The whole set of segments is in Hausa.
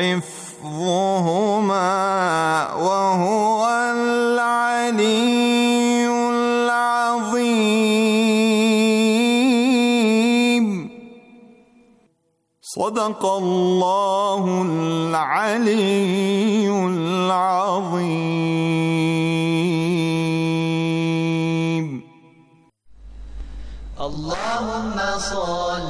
حفظهما وهو العلي العظيم صدق الله العلي العظيم اللهم صل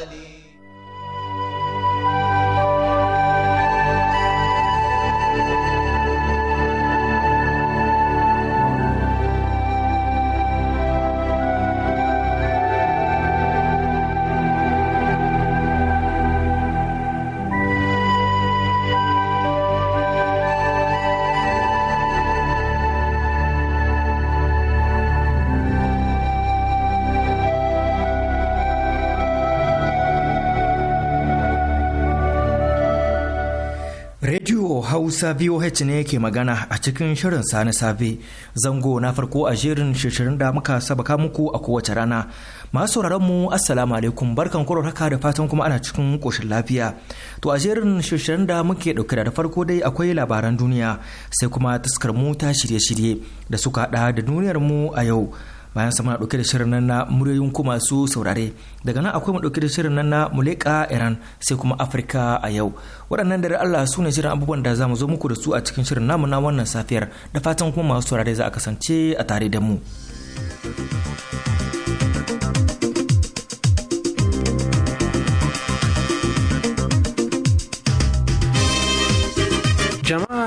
isa VOH ne ke magana a cikin shirin sani safe. Zango na farko a jerin shirin da muka sabaka muku a kowace rana. Masu sauraron mu Assalamu alaikum barkan kurar haka da fatan kuma ana cikin koshin lafiya. To a jerin shirin da muke ɗauke da farko dai akwai labaran duniya sai kuma taskar mu ta shirye-shirye da suka da duniyar mu a yau. bayan sama na dauke da shirin nan na muryoyin ku masu saurare daga nan akwai mu dauke da shirin nan na muleka iran sai kuma afirka a yau waɗannan dare allah su ne shirin abubuwan da za mu zo muku da su a cikin shirin namu na wannan safiyar da fatan kuma masu saurare za a kasance a tare da mu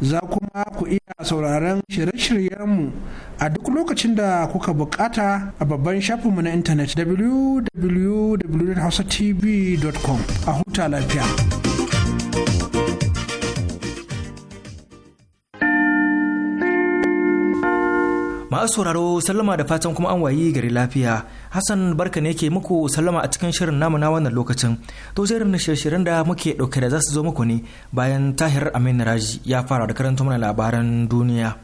za kuma ku iya sauraron shirye-shiryenmu a duk lokacin da kuka bukata a babban shafinmu na intanet www.hausatv.com a huta lafiya. Masu sauraro sallama da fatan kuma an wayi gari lafiya. Hassan barka ne ke muku sallama a cikin shirin namu na wannan lokacin. To jerin shirye-shiryen da muke ɗauke da za su zo muku ne bayan Tahir Amin Raji ya fara da karanta mana labaran duniya.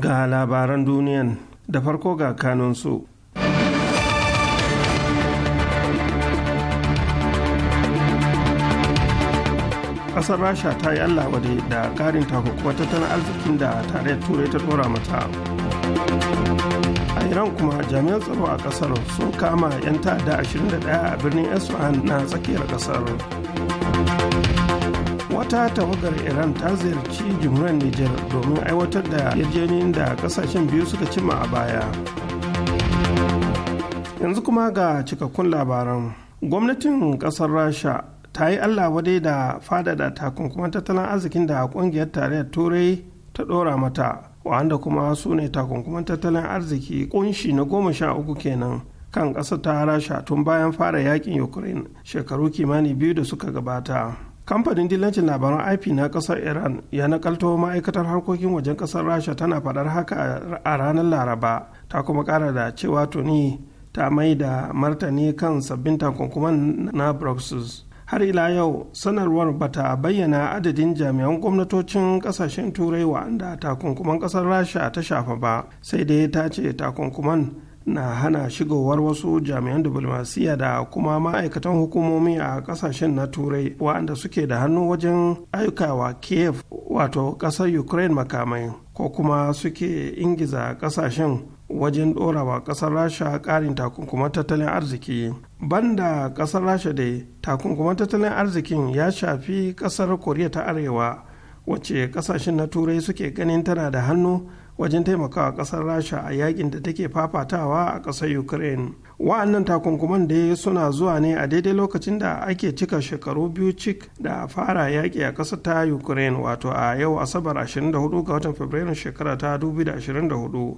Ga labaran duniyan da farko ga kanunsu. kasar rasha ta yi allah wade da karin takukuwar tattalin arzikin da tarayyar turai ta dora mata a iran kuma jami'an tsaro a kasar sun kama 'yan ta'adda 21 a birnin esfahan na tsakiyar kasar wata tawagar iran ta ziyarci jimuran Nijar domin aiwatar da yarjejeniyar da kasashen biyu suka cimma a baya yanzu kuma ga cikakkun labaran gwamnatin kasar rasha ta yi allah wadai da da takunkuman tattalin arzikin da kungiyar tarayyar turai ta ɗora mata wanda kuma su ne takunkuman tattalin arziki kunshi na goma sha uku kenan kan ƙasa ta rasha tun bayan fara yakin ukraine shekaru kimani biyu da suka gabata kamfanin dillancin labaran ip na ƙasar iran ya nakalto ma'aikatar harkokin wajen ƙasar rasha tana faɗar haka a ranar laraba ta kuma ƙara da cewa tuni ta mai da martani kan sabbin takunkuman na brussels har ila yau sanarwar bata bayyana adadin jami'an gwamnatocin kasashen turai wa'anda takunkuman kasar rasha ta shafa ba sai dai ta ce takunkuman na hana shigowar wasu jami'an diplomasiya da kuma ma'aikatan hukumomi a kasashen na turai wa'anda suke da hannu wajen aikawa kiev wato kasar ukraine makamai ko kuma suke ingiza kasashen wajen dorawa kasar rasha ƙarin takunkuman tattalin arziki banda kasar rasha da takunkuman tattalin arzikin ya shafi kasar koriya ta arewa wacce kasashen na turai suke ganin tana da hannu wajen taimakawa kasar rasha a yakin da take fafatawa a kasar ukraine wa'annan takunkuman da suna zuwa ne a daidai lokacin da ake cika shekaru biyu cik da fara yaƙi a ƙasar ta ukraine wato a yau asabar 24 ga watan fabrairun shekara ta 2024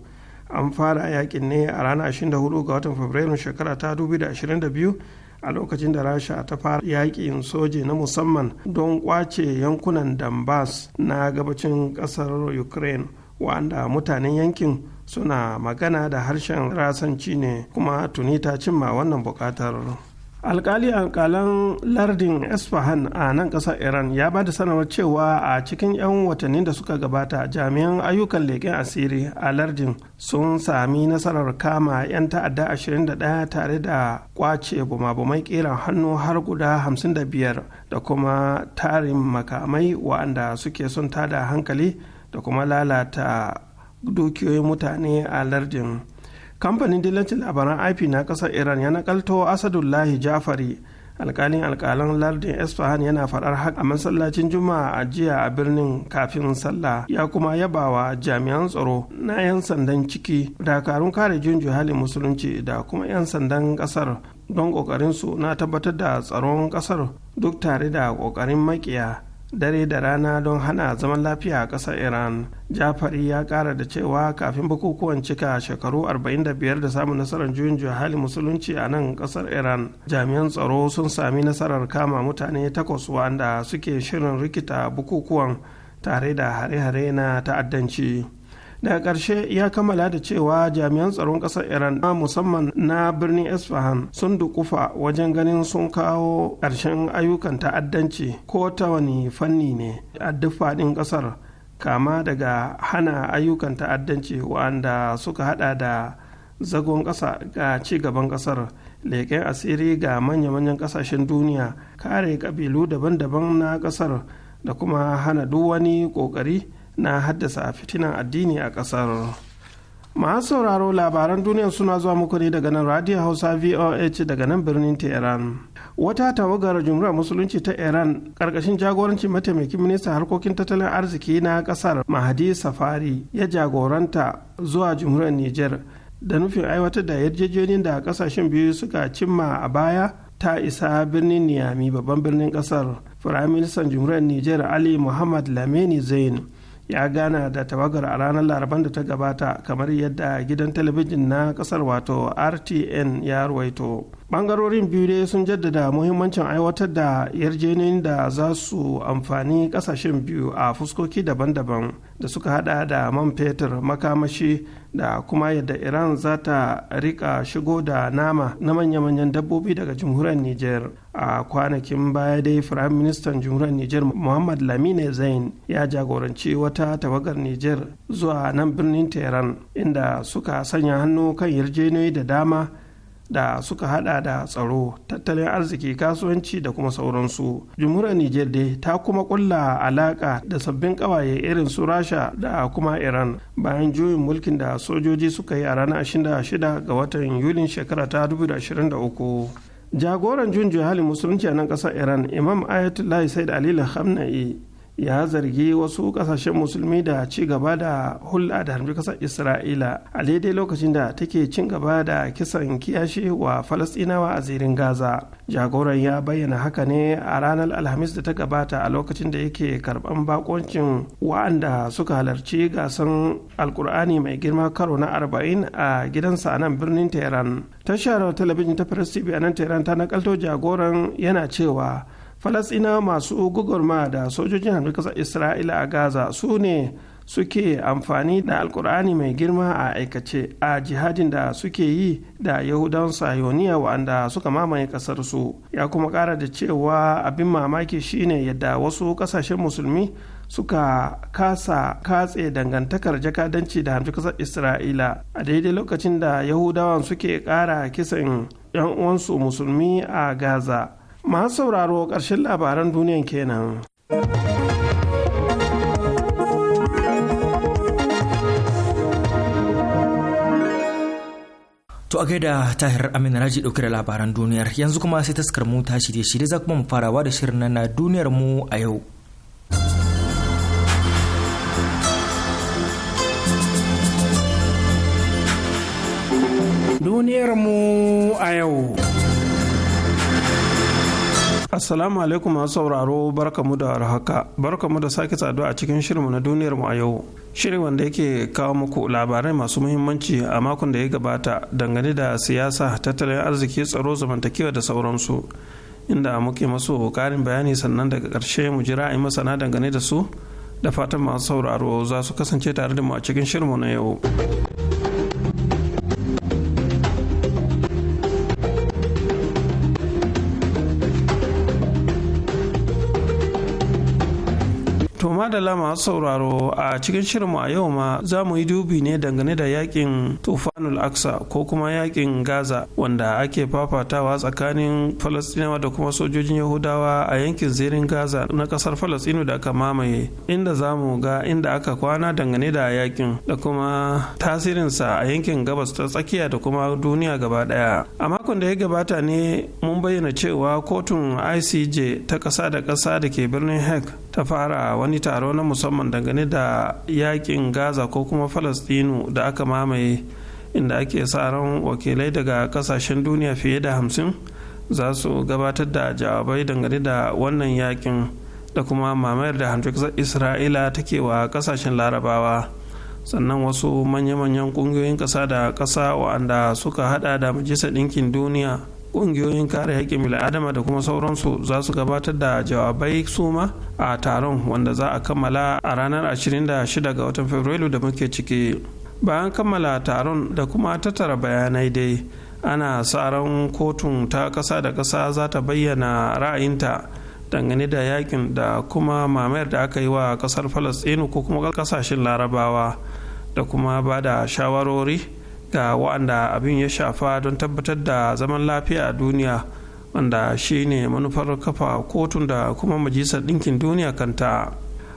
an fara yakin ne a ranar 24 ga watan fabrairu shekara ta 2022 a lokacin da rasha ta fara yakin soje na musamman don kwace yankunan donbass na gabacin kasar ukraine wanda mutanen yankin suna magana da harshen rasanci ne kuma tuni ta cimma wannan bukatar. alkali alkalan lardin isfahan a nan kasar iran ya ba da sanarwar cewa a cikin 'yan watannin da suka gabata jami'an ayyukan leƙen asiri a lardin sun sami nasarar kama 'yan ta'adda 21 tare da kwace bumabumai ƙeran hannu har guda 55 da kuma tarin makamai wa'anda suke son tada hankali da kuma lalata dukiyoyin mutane a lardin. kamfanin dillancin labaran ip na kasar iran ya nakalto asadullahi jafari alkalin alkalan lardin esfahan yana faɗar haka a masallacin juma'a a jiya a birnin kafin sallah ya kuma yabawa jami'an tsaro na 'yan sandan ciki dakarun kare junju halin musulunci da kuma 'yan sandan kasar don ƙoƙarinsu na tabbatar da tsaron kasar duk tare da ƙoƙarin makiya dare da rana don hana zaman lafiya a ƙasar iran jafari ya ƙara da cewa kafin bukukuwan cika shekaru 45 da samun nasarar juyin juya hali musulunci a nan ƙasar iran jami'an tsaro sun sami nasarar kama mutane takwas wanda suke shirin rikita bukukuwan tare da hare-hare na ta'addanci daga ƙarshe ya kammala da cewa jami'an tsaron ƙasar iran musamman na birnin isfahan sun dukufa wajen ganin sun kawo ƙarshen ayyukan ta'addanci ko ta wani fanni ne a duk faɗin ƙasar kama daga hana ayyukan ta'addanci wa'anda suka hada da zagon ƙasa ga ci gaban ƙasar leƙen asiri ga manya-manyan ƙasashen duniya kare ƙabilu daban-daban na ƙasar da kuma hana duk wani ƙoƙari na haddasa fitinan addini a ƙasar masu sauraro labaran duniya suna zuwa muku ne daga nan radio hausa voh daga nan birnin tehran wata tawagar jumhuriyar musulunci ta iran karkashin jagorancin mataimakin minista harkokin tattalin arziki na kasar mahadi safari ya jagoranta zuwa jumhuriyar niger da nufin aiwatar da yarjejeniyar da kasashen biyu suka cimma a baya ta isa birnin niyami babban birnin kasar firayim ministan jumhuriyar niger ali muhammad lameni zain ya gana da tawagar a ranar laraban da ta gabata kamar yadda gidan talabijin na kasar wato rtn ya ruwaito bangarorin biyu dai sun jaddada muhimmancin aiwatar da yarjejeniyoyin da za su amfani kasashen biyu a fuskoki daban-daban da suka hada da man fetur makamashi da kuma yadda iran za ta rika shigo da nama na manya-manyan dabbobi daga jamhuriyar niger a kwanakin baya dai firayim ministan jamhuriyar niger muhammad lamine zain ya jagoranci wata tawagar niger zuwa nan birnin tehran inda suka sanya hannu kan yarjejeniyoyi da dama da suka hada da tsaro tattalin arziki kasuwanci da kuma sauransu jumhuriyar niger dai ta kuma kulla alaka da sabbin kawaye irin su rasha da kuma iran bayan juyin mulkin da sojoji suka yi a ranar 26 ga watan yulin shekara ta 2023 jagoran junjiyar halin musulunci a nan kasar iran imam ayatollah said ali hamna'i. ya zargi wasu kasashen musulmi da ci gaba da hulɗa da harbi kasar isra'ila a daidai lokacin da take cin gaba da kisan kiyashi wa a zirin gaza jagoran ya bayyana haka ne a ranar alhamis da ta gabata a lokacin da yake karɓan bakoncin wa'anda suka halarci gasan alkur'ani mai girma karo na arba'in a gidansa a nan birnin tehran tashar talabijin ta press a nan tehran ta nakalto jagoran yana cewa falasina masu gugurma da sojojin hannun ƙasar isra'ila a gaza su ne suke amfani da alkur'ani mai girma a aikace a jihadin da suke yi da yahudan sayoniya wa'anda suka mamaye kasar ya kuma kara da cewa abin mamaki shine yadda wasu kasashen musulmi suka kasa katse dangantakar jakadanci da hamshi kasar isra'ila a daidai lokacin da yahudawan suke kara kisan 'yan uwansu musulmi a gaza masu sauraro ƙarshen labaran duniyan kenan. To a gaida tahir Aminu Raji ɗauke da labaran duniyar yanzu kuma sai taskar mu ta shirye shirye za kuma mu farawa da shirin na duniyar mu a yau. Duniyar mu a yau. Assalamu alaikum masu sauraro barkamu da haka barkamu da sake saduwa a cikin shirinmu na duniyar mu a yau shirin wanda yake kawo muku labarai masu muhimmanci a makon da ya gabata dangane da siyasa tattalin arziki tsaro zamantakewa da sauransu inda muke masu karin bayani sannan daga ƙarshe mu jira a masana dangane da su da fatan masu sauraro za su kasance tare da mu a cikin shirinmu na yau. madala masu sauraro a cikin shirinmu a yau ma za mu yi dubi ne dangane da yakin tufanul aksa ko kuma yakin gaza wanda ake fafatawa tsakanin falastinawa da kuma sojojin yahudawa a yankin zirin gaza na kasar falastinu da aka mamaye inda za mu ga inda aka kwana dangane da yakin da kuma tasirinsa a yankin gabas ta tsakiya da kuma duniya gaba daya a makon da ya gabata ne mun bayyana cewa kotun icj ta ƙasa da ƙasa da ke birnin hague ta fara wani taro na musamman dangane da yakin gaza ko kuma falastinu da aka mamaye inda ake sa ran wakilai daga kasashen duniya fiye da hamsin za su gabatar da jawabai dangane da wannan yakin da kuma mamayar da hamsin isra'ila take wa kasashen larabawa sannan wasu manya-manyan kungiyoyin ƙasa da ƙasa wa'anda suka hada da majalisar ɗinkin duniya ƙungiyoyin kare haƙƙin bil'adama da kuma sauransu za su gabatar da jawabai suma a taron wanda za a kammala a ranar 26 ga watan fabrairu da muke ciki bayan kammala taron da kuma tattara bayanai dai ana sa ran kotun ta ƙasa da ƙasa za ta bayyana ra'ayinta dangane da yakin da kuma mamayar da aka yi wa ƙasar falastinu ko kuma ƙasashen larabawa da kuma ba da shawarori ga wa'anda abin ya shafa don tabbatar da zaman lafiya a duniya wanda shi ne manufar kafa kotun da kuma majalisar ɗinkin duniya kanta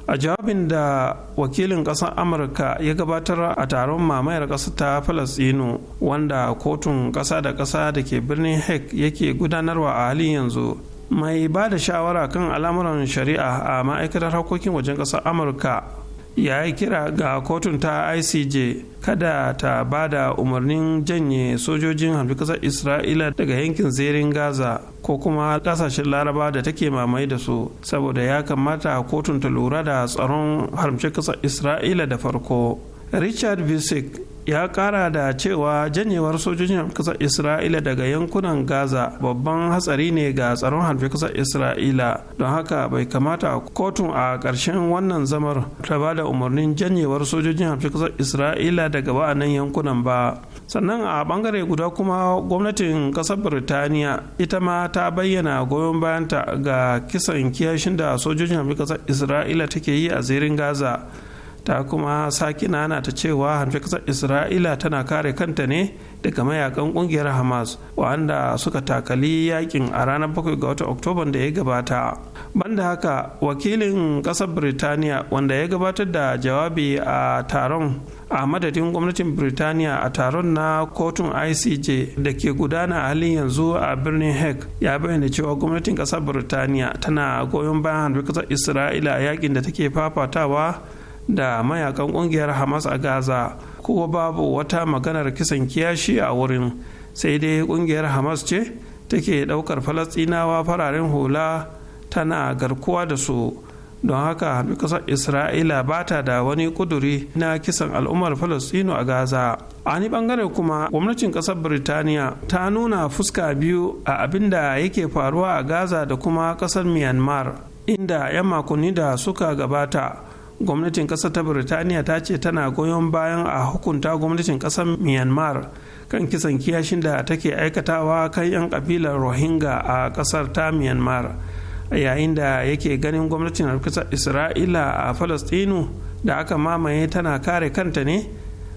a jawabin da wakilin ƙasar amurka ya gabatar a taron mamayar ƙasa ta falasɗinu wanda kotun ƙasa da ƙasa da ke birnin hek yake gudanarwa a halin yanzu mai ba da shawara kan al'amuran shari'a a ma'aikatar harkokin wajen ƙasar amurka ya yi kira ga kotun ta icj kada ta ba da umarnin janye sojojin hamshi kasar isra'ila daga yankin zirin gaza ko kuma kasashen laraba da take mamaye da su saboda ya kamata kotun ta lura da tsaron haramci kasar isra'ila da farko richard visick ya kara da cewa janyewar sojojin kasar isra'ila daga yankunan gaza babban hatsari ne ga tsaron harfi kasar isra'ila don haka bai kamata kotun a ƙarshen wannan zamar ta ba da umarnin janyewar sojojin harfi kasar isra'ila daga wa'annan yankunan ba sannan a bangare guda kuma gwamnatin kasar birtaniya ita ma ta bayyana goyon bayanta ga kisan kiyashin da sojojin harfi kasar isra'ila take yi a zirin gaza ta kuma sake nana ta cewa hanfi kasar isra'ila tana kare kanta ne daga mayakan kungiyar hamas wanda suka takali yakin a ranar 7 ga watan oktoban da ya gabata banda haka wakilin kasar birtaniya wanda ya gabatar da jawabi a taron a madadin gwamnatin birtaniya a taron na kotun icj da ke gudana a halin yanzu a birnin hague ya bayyana cewa gwamnatin kasar birtaniya tana goyon bayan hanfi kasar isra'ila a yakin da take fafatawa da mayakan ƙungiyar hamas a gaza kuma babu wata maganar kisan kiyashi a wurin sai dai ƙungiyar hamas ce take ɗaukar falastinawa fararen hula tana garkuwa da su don haka kasar isra'ila ba ta da wani kuduri na kisan al'ummar falastino a gaza a ni bangare kuma gwamnatin kasar birtaniya ta nuna fuska biyu a abin da yake faruwa a gaza da kuma kasar myanmar inda 'yan makonni da suka gabata gwamnatin ƙasar ta birtaniya ta ce tana goyon bayan a hukunta gwamnatin ƙasar myanmar kan kisan kiyashin da take aikatawa kan 'yan kabilar rohingya a kasar ta myanmar yayin da yake ganin gwamnatin kasar isra'ila a falastinu da aka mamaye tana kare kanta ne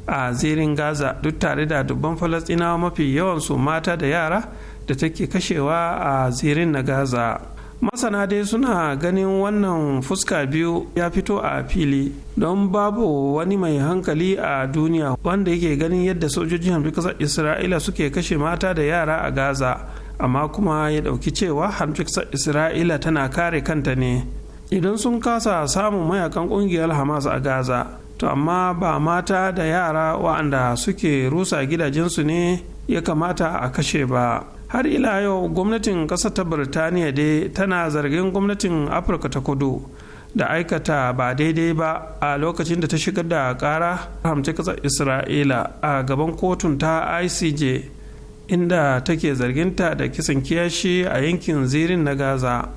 a zirin gaza duk tare da dubban falastinawa mafi yawan su mata da yara da take kashewa a zirin na gaza. masana dai suna ganin wannan fuska biyu ya fito a fili don babu wani mai hankali a duniya wanda yake ganin yadda sojojin hamfi kasar isra'ila suke kashe mata da yara a gaza amma kuma ya dauki cewa hamfi kasar isra'ila tana kare kanta ne idan sun kasa samun mayakan kungiyar hamas a gaza to amma ba mata da yara waɗanda suke rusa gidajensu ne ya kamata a kashe ba har ila yau gwamnatin ƙasa ta birtaniya dai tana zargin gwamnatin afirka ta kudu da aikata ba daidai ba a lokacin da ta shigar da ƙara hamci ƙasar isra'ila a gaban kotun ta icj inda take zarginta da kisan kiyashi a yankin zirin na gaza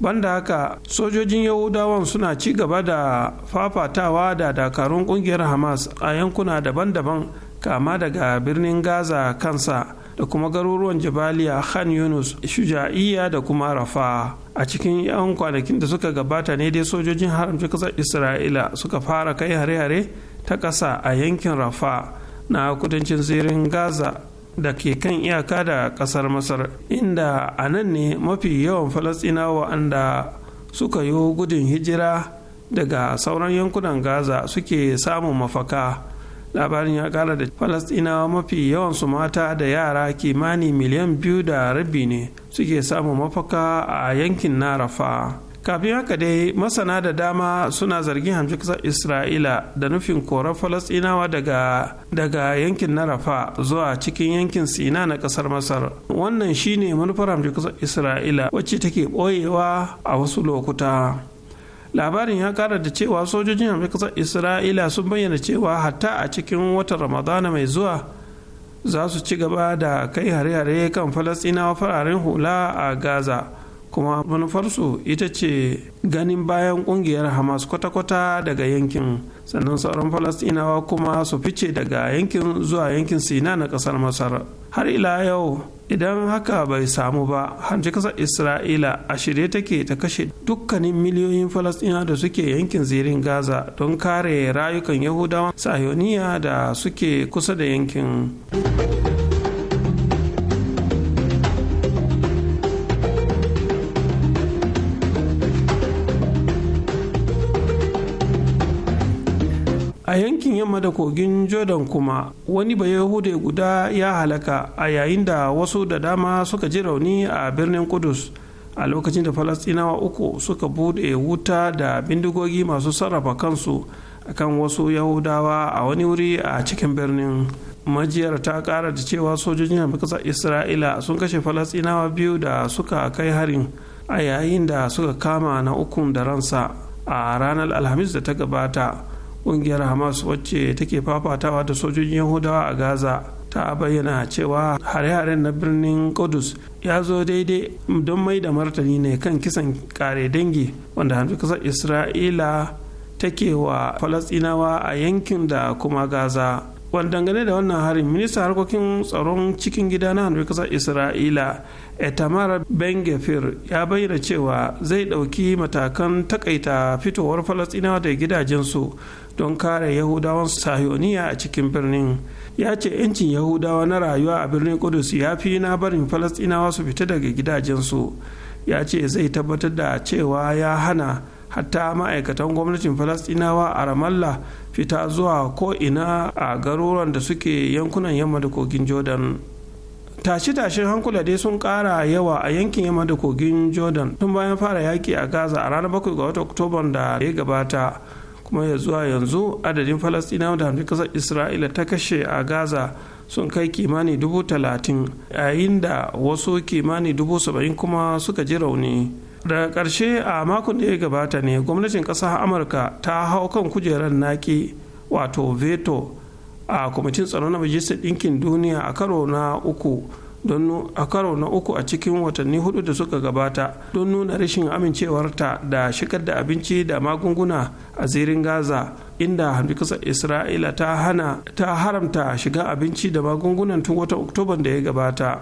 banda haka sojojin yahudawan suna ci gaba da fafatawa da dakarun kungiyar hamas a yankuna daban-daban kama daga birnin gaza kansa da kuma garuruwan jabaliya khan yunus shuja'iya da kuma rafa a cikin 'yan kwanakin da suka gabata ne dai sojojin haramci kasar isra'ila suka fara kai hare-hare ta ƙasa a yankin rafa na kudancin zirin gaza da ke kan iyaka da ƙasar masar inda a nan ne mafi yawan falastinawa anda suka yi gudun hijira daga sauran yankunan gaza suke samun mafaka labarin ya kara da falastinawa mafi yawan su mata da yara kimani miliyan biyu da rabi ne suke samun mafaka a yankin na rafa kafin haka dai masana da dama suna zargin hamshi kasar isra'ila da nufin korar falastinawa daga, daga yankin na rafa zuwa cikin yankin sina na kasar masar wannan shine manufar hamshi kasar isra'ila wacce take ɓoyewa a wasu lokuta labarin ya kara da cewa sojojin amma kasar isra'ila sun bayyana cewa hatta a cikin watan ramadana mai zuwa za su ci gaba da kai hare-hare kan falasɗinawa fararen hula a gaza kuma manufarsu ita ce ganin bayan kungiyar hamas kwata-kwata daga yankin sannan sauran falastinawa kuma su fice daga yankin zuwa yankin sina na kasar masar har ila yau idan haka bai samu ba hanci kasar isra'ila a shirye take ta kashe dukkanin miliyoyin falastina da suke yankin zirin gaza don kare rayukan yahudawan sayoniya da suke kusa da yankin. a yankin yamma da kogin jordan kuma wani bayahude guda ya halaka a yayin da wasu da dama suka ji rauni a birnin kudus a lokacin da falastinawa uku suka bude wuta da bindigogi masu sarrafa kansu akan wasu yahudawa a wani wuri a cikin birnin majiyar ta kara da cewa sojojin hamkasar isra'ila sun kashe falastinawa biyu da suka kai harin a yayin da suka kama na ukun da ransa a ranar alhamis da ta gabata kungiyar hamas wacce take fafatawa da sojojin yahudawa a gaza ta bayyana cewa hare-haren na birnin kudus ya zo daidai don mai da martani ne kan kisan kare dangi wanda hannun kasar isra'ila take wa falastinawa a yankin da kuma gaza wani dangane da wannan harin minista harkokin tsaron cikin gida na hannun kasar isra'ila etamar ben ya bayyana cewa zai ɗauki matakan takaita fitowar falasɗinawa da gidajensu don kare yahudawan sahioniya a cikin birnin ya ce 'yancin yahudawa na rayuwa a birnin kudus ya fi na barin falastinawa su fita daga gidajensu ya ce zai tabbatar da cewa ya hana hatta ma'aikatan gwamnatin falastinawa a ramallah fita zuwa ko'ina a garuruwan da suke yankunan yamma da kogin jordan tashe-tashen hankula dai sun kara yawa a yankin yamma da kogin jordan tun bayan fara yaki a gaza a ranar 7 ga watan oktoban da ya gabata kuma ya zuwa yanzu adadin falastinawa da hamsin kasar isra'ila ta kashe a gaza sun kai kimani dubu talatin yayin da wasu kimani dubu saba'in kuma suka ji rauni daga ƙarshe a makon da ya gabata ne gwamnatin ƙasar amurka ta hau kan kujerar naki wato veto a kwamitin tsaro na majalisar ɗinkin duniya a karo na uku don a karo na uku a cikin watanni hudu da suka gabata don nuna rashin amincewarta da shigar da abinci da magunguna a zirin gaza inda hamdukasar isra'ila ta hana ta haramta shiga abinci da magungunan tun watan oktoban da ya gabata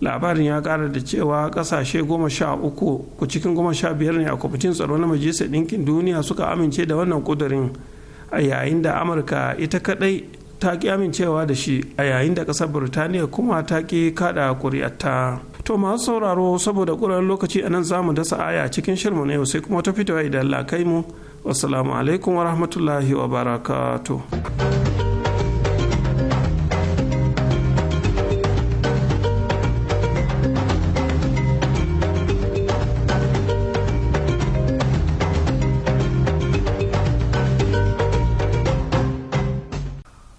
labarin ya kara da cewa kasashe goma sha uku ku cikin goma sha biyar ne a kwamitin tsaro na majalisar ɗinkin duniya suka amince da wannan kudurin a yayin da amurka ita kadai ta ki amincewa da shi a yayin da ƙasar birtaniya kuma ta ki kada ƙuri'arta to masu sauraro saboda ƙuran lokaci a nan za mu dasa aya cikin shirmu na yau sai kuma ta fitowa idan lakai mu wassalamu alaikum wa rahmatullahi wa barakatuh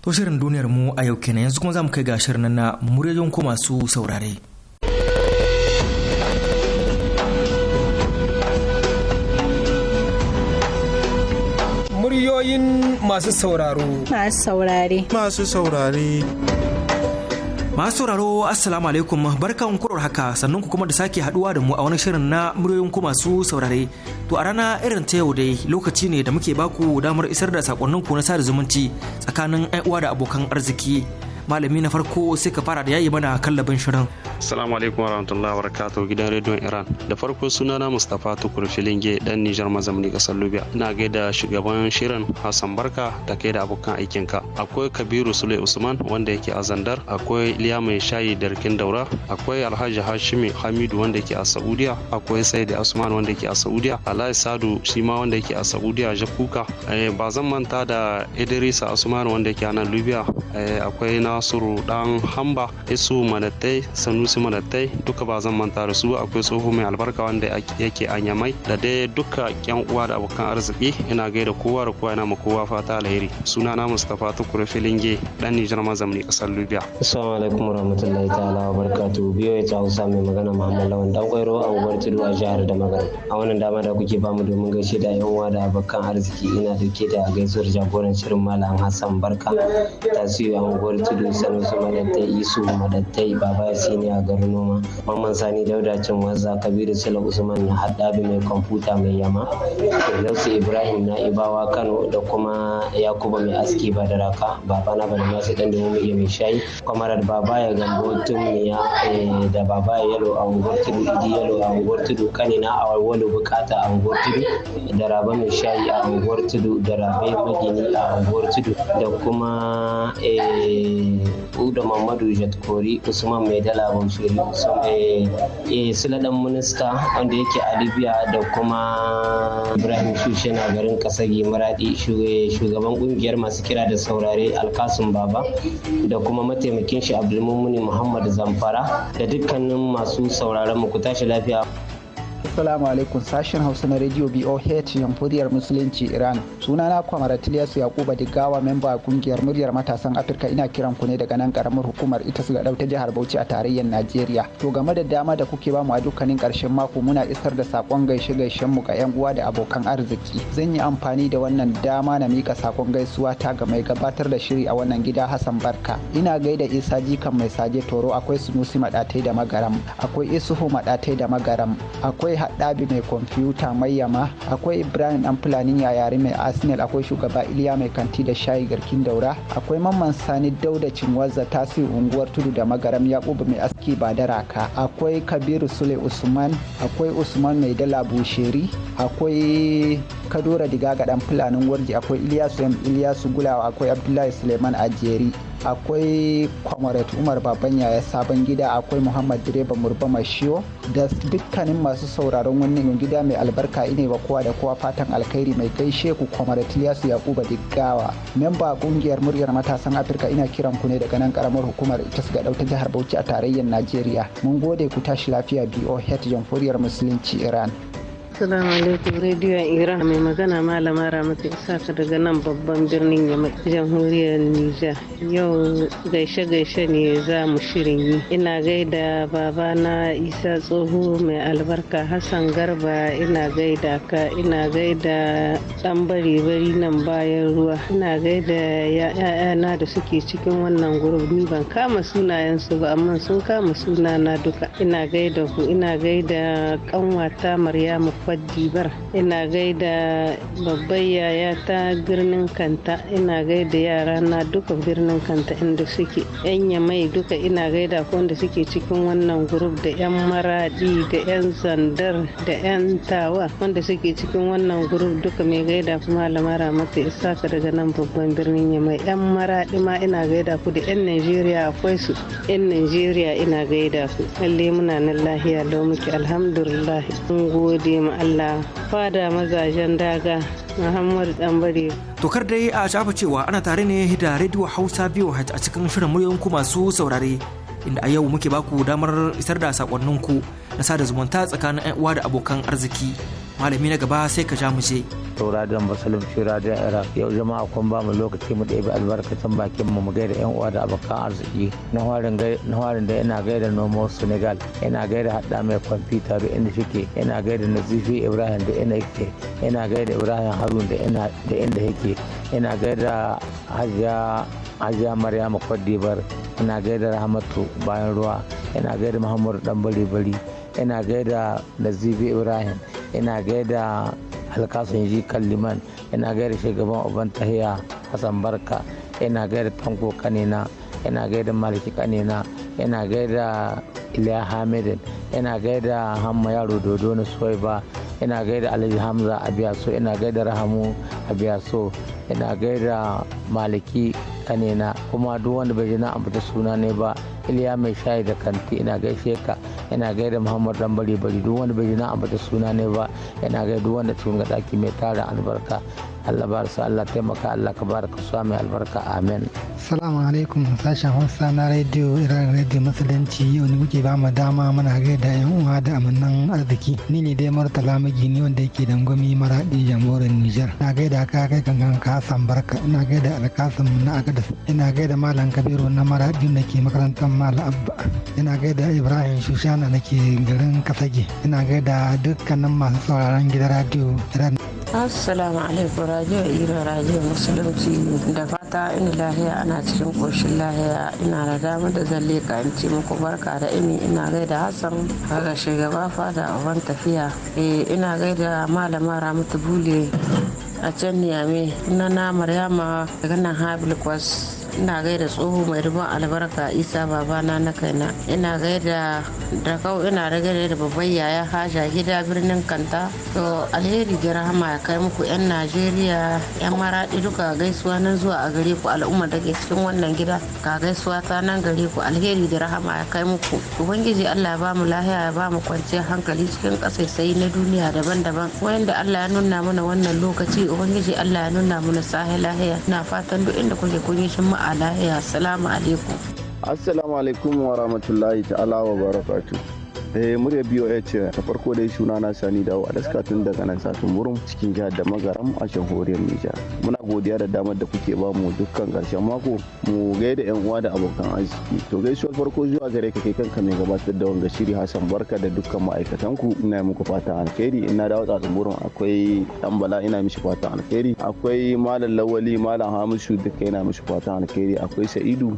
To shirin duniyar mu a yau kenan yanzu kuma za mu kai ga shirin na muryoyin ko masu saurare. Muryoyin masu sauraro. Masu saurare. Masu saurare. Masu sauraro Assalamu alaikum barkan kurar haka sannan ku kuma da sake haduwa da mu a wani shirin na muryoyin ku masu saurare. To a rana irin ta yau dai lokaci ne da muke baku damar isar da sakonnin ku na sada zumunci tsakanin uwa da abokan arziki. malami na farko sai ka fara da yayi mana kallabin shirin assalamu alaikum warahmatullahi wabarakatuh gidan rediyon iran da farko sunana mustapha tukur filinge dan nijar mazamni kasar libya ina gaida shugaban shirin hassan barka ta kai da abokan aikin ka akwai kabiru sule usman wanda yake a zandar akwai liya mai shayi da rikin daura akwai alhaji hashimi hamidu wanda yake a saudiya akwai saidi usman wanda yake a saudiya alhaji sadu shi ma wanda yake a saudiya jakuka eh, ba zan manta da idrisa usman wanda yake a nan libya eh, akwai na nasiru dan hamba isu manatai sanusi manatai duka ba zan manta da su akwai tsoho mai albarka wanda yake nyamai da dai duka yan uwa da abokan arziki ina gaida kowa da kowa yana ma kowa fata alheri suna na mustapha tukuru filinge dan nijar mazamni kasar libya assalamu alaikum warahmatullahi ta'ala wa barakatu biyo ya hausa mai magana muhammad lawan dan kwairo a ubar tudu a jihar da magana a wannan dama da kuke bamu domin gaishe da yan uwa da abokan arziki ina dauke da gaisuwar jagoran shirin malam hassan barka tasiri a unguwar tudu Aliyu Sanusi Madattai Isu Madattai Baba sini a garin noma. Mamman Sani Dauda Cin Wazza Kabiru Sula Usman Haddabi mai kwamfuta mai yama. Firdausu Ibrahim Na'ibawa Kano da kuma Yakuba mai aski ba da raka. Baba na bada masu dan da mai shayi. Kwamarar Baba ya gambo ya eh, da Baba ya yalo a unguwar tudu Idi yalo a unguwar tudu na a wani bukata a unguwar tudu da Raba mai shayi a unguwar tudu da Rabe magini a unguwar tudu da kuma eh, Uda Mamadu Jatkori Usman Mai Dala Bamfiri eh, eh, Sula ɗan minista wanda yake a Libya da kuma Ibrahim Shushe na garin Kasagi Maradi shugaban kungiyar masu kira da saurare Alkasun Baba da kuma mataimakin shi Abdulmumuni Muhammad Zamfara da dukkanin masu sauraron mu ku tashi lafiya. Assalamu alaikum sashen Hausa na Radio BOH Jamhuriyar Musulunci Iran. Sunana Kwamar Tiliyasu Yakuba Digawa memba kungiyar muryar matasan Afirka ina kiran ku ne daga nan karamar hukumar ita su ta jihar Bauchi a tarayyar Najeriya. To game da dama da kuke ba mu a dukkanin karshen mako muna isar da sakon gaishe gaishen mu ga yan uwa da abokan arziki. Zan yi amfani da wannan dama na mika sakon gaisuwa ta ga mai gabatar da shiri a wannan gida Hassan Barka. Ina gaida Isa Jikan mai saje Toro akwai Sunusi Madatai da Magaram, akwai Isuhu Madatai da Magaram, akwai haɗabi mai kwamfuta mai yama akwai ibrahim dan fulani yayare mai arsenal akwai shugaba iliya mai kanti da shayi garkin daura akwai mamman sani dauda cinwazza tasi unguwar tudu da magaram yakubu mai aski ba da akwai kabiru sule usman akwai usman mai dala busheri akwai kadora diga ga dan fulanin warji akwai iliyasu iliyasu gulawa akwai abdullahi suleiman ajeri akwai kwamarat umar baban yaya sabon gida akwai muhammad direba murba mashiyo da dukkanin masu sauraron wannan gida mai albarka ine ba kowa da kowa fatan alkhairi mai gaishe ku kwamarat liyasu yakuba diggawa memba kungiyar muryar matasan afirka ina kiran ku ne daga nan karamar hukumar ita su ta jihar bauchi a tarayyar najeriya mun gode ku tashi lafiya boh jamhuriyar musulunci iran Assalamu alaikum Radio Iran mai magana Malama Ramatu Isaka daga nan babban birnin Yamai jamhuriyar Nijar. Yau gaishe gaishe ne za mu shirin yi. Ina gaida babana Isa Tsoho mai albarka Hassan Garba ina gaida ka ina gaida dan bari bari nan bayan ruwa. Ina gaida ya'yana da suke cikin wannan gurbi ni ban kama sunayensu ba amma sun kama suna na duka. Ina gaida ku ina gaida kanwata Maryamu Côte Ina gaida babbar yaya ta birnin Kanta, ina gaida yara na duka birnin Kanta inda suke. Yan Yamai duka ina gaida ko da suke cikin wannan grup da yan maradi da yan zandar da yan tawa wanda suke cikin wannan grup duka mai gaida ku malama isa ka daga nan babban birnin Yamai. Yan maradi ma ina gaida ku da yan Najeriya akwai su. Yan Najeriya ina gaida ku. Lalle muna nan lahiya lau muke alhamdulillah. Mun gode ma. Allah fada mazajen daga Muhammadu Dambare. Tokar dai a shafa cewa ana tare ne da Radio Hausa biyu a cikin shirin muryoyin masu saurare inda a yau muke baku damar isar da saƙonninku na sada zumunta tsakanin yan uwa da abokan arziki. malami na gaba sai ka ja mu je to radiyon musulun shi iraq yau jama'a kun ba mu lokaci mu ɗebi albarkacin bakin mu mu gaida yan uwa da abokan arziki na harin da yana gaida nomo senegal yana gaida hadda mai kwamfuta da inda shike yana gaida nazifi ibrahim da ina yake yana gaida ibrahim harun da ina da inda yake yana gaida hajiya hajiya maryama kwadibar yana gaida rahmatu bayan ruwa yana gaida muhammadu dan bari ina gaida nazibi ibrahim ina gaida alkasun ji kalliman ina gaida shugaban uban tahiya hassan barka ina gaida tanko kanina ina gaida maliki kanina ina gaida iliya hamidin ina gaida hamma yaro dodo na ba ina gaida alhaji hamza abiyaso ina gaida rahamu abiyaso ina gaida maliki kanena kuma duk wanda bai ji na da suna ne ba iliya mai shayi da kanti ina gaishe ka yana gaida muhammad dan bari bari duk wanda bai ji na da suna ne ba yana gaida duk wanda cikin ga daki mai tara albarka Allah bar su Allah taimaka Allah ka bar ka sami albarka amin assalamu alaikum sashen Hausa na radio Iran radio Musulunci yau ne muke ba mu dama muna gaida da yan uwa da amannan arziki ni ne dai Murtala Magini wanda yake dangwami maradi jamhuriyar Nijar na gaida ka kai kankan kasan barka ina gaida alkasan na agadas ina gaida malam Kabiru na maradi da ke makarantar Malam Abba ina gaida Ibrahim Shushana da ke garin Kasage ina gaida dukkanin masu sauraron gidan radio Assalamu alaikum radio iran radio musulunci da fata ina lahiya ana cikin koshin lahiya ina da damar da zan leka in ce muku barka da ini ina gaida hassan daga shugaba fada a ban tafiya eh, ina gaida malama ramatu bule a can niyame na na maryama daga nan habil kwas ina gaida tsoho mai ruban albarka isa babana na kaina ina gaida da kau ina gaida da babban yaya haja gida birnin kanta to alheri da rahama ya kai muku yan najeriya yan maraɗi duka gaisuwa nan zuwa a gare ku al'umma da ke cikin wannan gida ka gaisuwa ta nan gare ku alheri da rahama ya kai muku ubangiji allah ya ba mu lahiya ya ba mu kwanciyar hankali cikin kasaisai na duniya daban-daban da allah ya nuna mana wannan lokaci ubangiji allah ya nuna mana sahi lahiya na fatan duk inda kuke kun yi shin a lahiya. Assalamu alaikum. Assalamu alaikum wa rahmatullahi ta'ala wa barakatuh. eh murya biyo ya eh, ce da farko dai suna na sani dawo a daska tun daga nan satin wurin cikin jihar da magaram a jamhuriyar nija muna godiya da damar da kuke ba mu dukkan karshen mako mu da yan uwa da abokan arziki to gaisuwar farko zuwa gare ka kai kanka mai gabatar da wanga shiri hassan barka da dukkan ma'aikatan ku ina muku fata alheri ina dawo tsatsun wurin akwai dan bala ina mishi fata alheri akwai malam lawali malam hamisu duka ina mishi fata alheri akwai sa'idu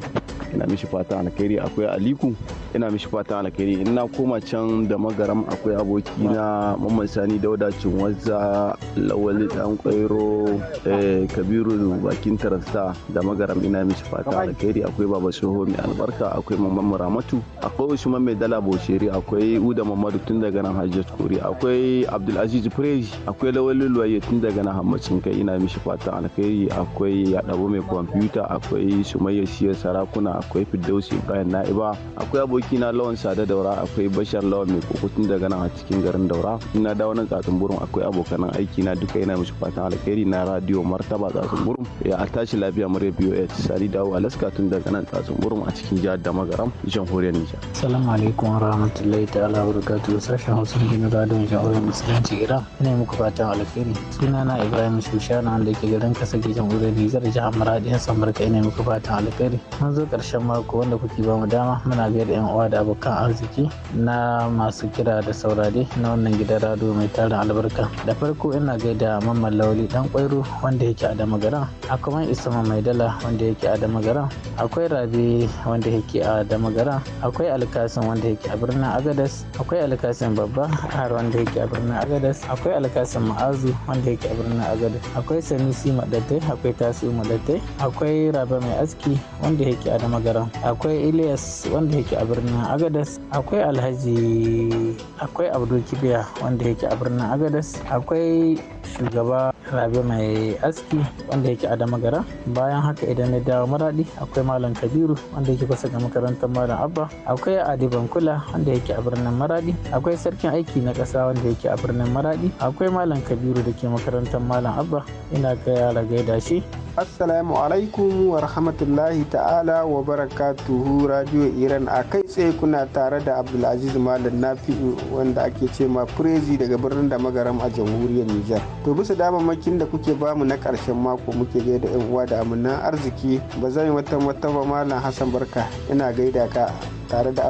ina mishi fata alheri akwai aliku ina mishi fata alheri ina koma can da magaram akwai aboki na mamman sani dauda cinwazza lawali dan kwairo eh, kabiru bakin tarasta da magaram ina mishi fata alkhairi akwai baba soho mai albarka akwai mamman muramatu akwai usman mai dala bosheri akwai uda mamadu tun daga nan hajjat kori akwai abdulaziz preji akwai lawali luwaye tun daga nan hammacin kai ina mishi fata alkhairi akwai yadabo mai kwamfuta akwai sumayya siyar sarakuna akwai firdausi bayan na'iba akwai abokina lawan sada daura akwai bashi Bashar Lawal mai kokotun daga nan a cikin garin Daura. Ina dawo nan tsatsun burin akwai abokan aiki na duka yana mishi fatan alkhairi na radio Martaba tsatsun burin. Ya a tashi lafiya murya ci Sani Dawo Alaska tun daga nan tsatsun burin a cikin jihar Damagaram jamhuriyar Nijar. Assalamu alaikum wa rahmatullahi ta'ala wa sashen Hausa na radio jamhuriyar Musulunci Iran. Ina muku fatan alkhairi. na Ibrahim Shushana wanda ke garin kasa ke jamhuriyar Nijar jihar Maradi yan Samarka ina muku fatan alkhairi. Mun zo karshen mako wanda kuke ba mu dama muna gaida yan uwa da abokan arziki na masu kira da saurare na wannan gidan rado mai tarin albarka da farko ina gaida mamman lauli dan kwairo wanda yake a damagaran akwai isama mai dala wanda yake a damagaran akwai rabi wanda yake a damagaran akwai alkasin wanda yake a birnin agadas akwai alkasin babba har wanda yake a birnin agadas akwai alkasin ma'azu wanda yake a birnin agadas akwai sanusi madatai akwai tasu madatai akwai raba mai aski wanda yake a damagaran akwai ilias wanda yake a birnin agadas akwai alhaji alhaji akwai abdul kibiya wanda yake a birnin agadas akwai shugaba rabe mai aski wanda yake a damagara bayan haka idan na dawo maradi akwai malam kabiru wanda yake kusa ga makarantar malam abba akwai adi bankula wanda yake a birnin maradi akwai sarkin aiki na ƙasa wanda yake a birnin maradi akwai malam kabiru da ke makarantar malam abba ina ga yara gaida shi assalamu alaikum wa rahmatullahi ta'ala wa barakatuhu radio iran a kai tsaye kuna tare da abdulaziz alhaji malam nafi'u wanda ake ce ma firezi daga birnin da magaram a jamhuriyar nijar to bisa damammakin da kuke bamu na karshen mako muke gaida yan uwa da amanan arziki ba zan yi wata wata ba malam hassan barka ina gaida ka tare da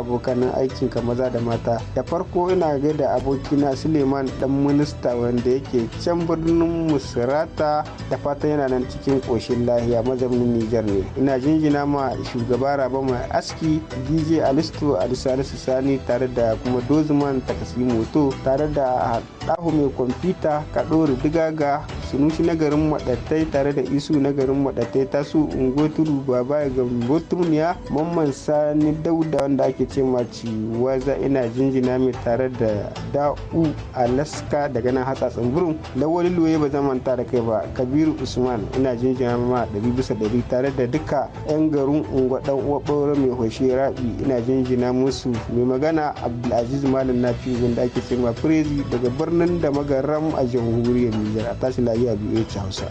aikin ka maza da mata da farko ina gaida abokina suleiman dan minista wanda yake can birnin musirata da fata yana nan cikin koshin lahiya mazaunin nijar ne ina jinjina ma shugaba raba mai aski dj alisto alisalisu sani tare da da kuma Dozman takasimoto moto tare da ɗahu mai kwamfuta kaɗori Digaga sunusi na garin maɗattai tare da isu na garin maɗattai tasu ungo tudu baba ga turniya mamman sani dauda wanda ake ce maci waza ina jinjina mai tare da da'u alaska daga nan hatsatsin burin lawali luwaye ba zan manta da kai ba kabiru usman ina jinjina ma ɗari bisa ɗari tare da duka yan garin ungwa dan uwa ɓaure mai hoshe rabi ina jinjina musu mai magana abdulaziz malam nafi wanda ake ce ma daga birnin da magaram a jamhuriyar nijar a tashi lafiya tarayya BH Hausa.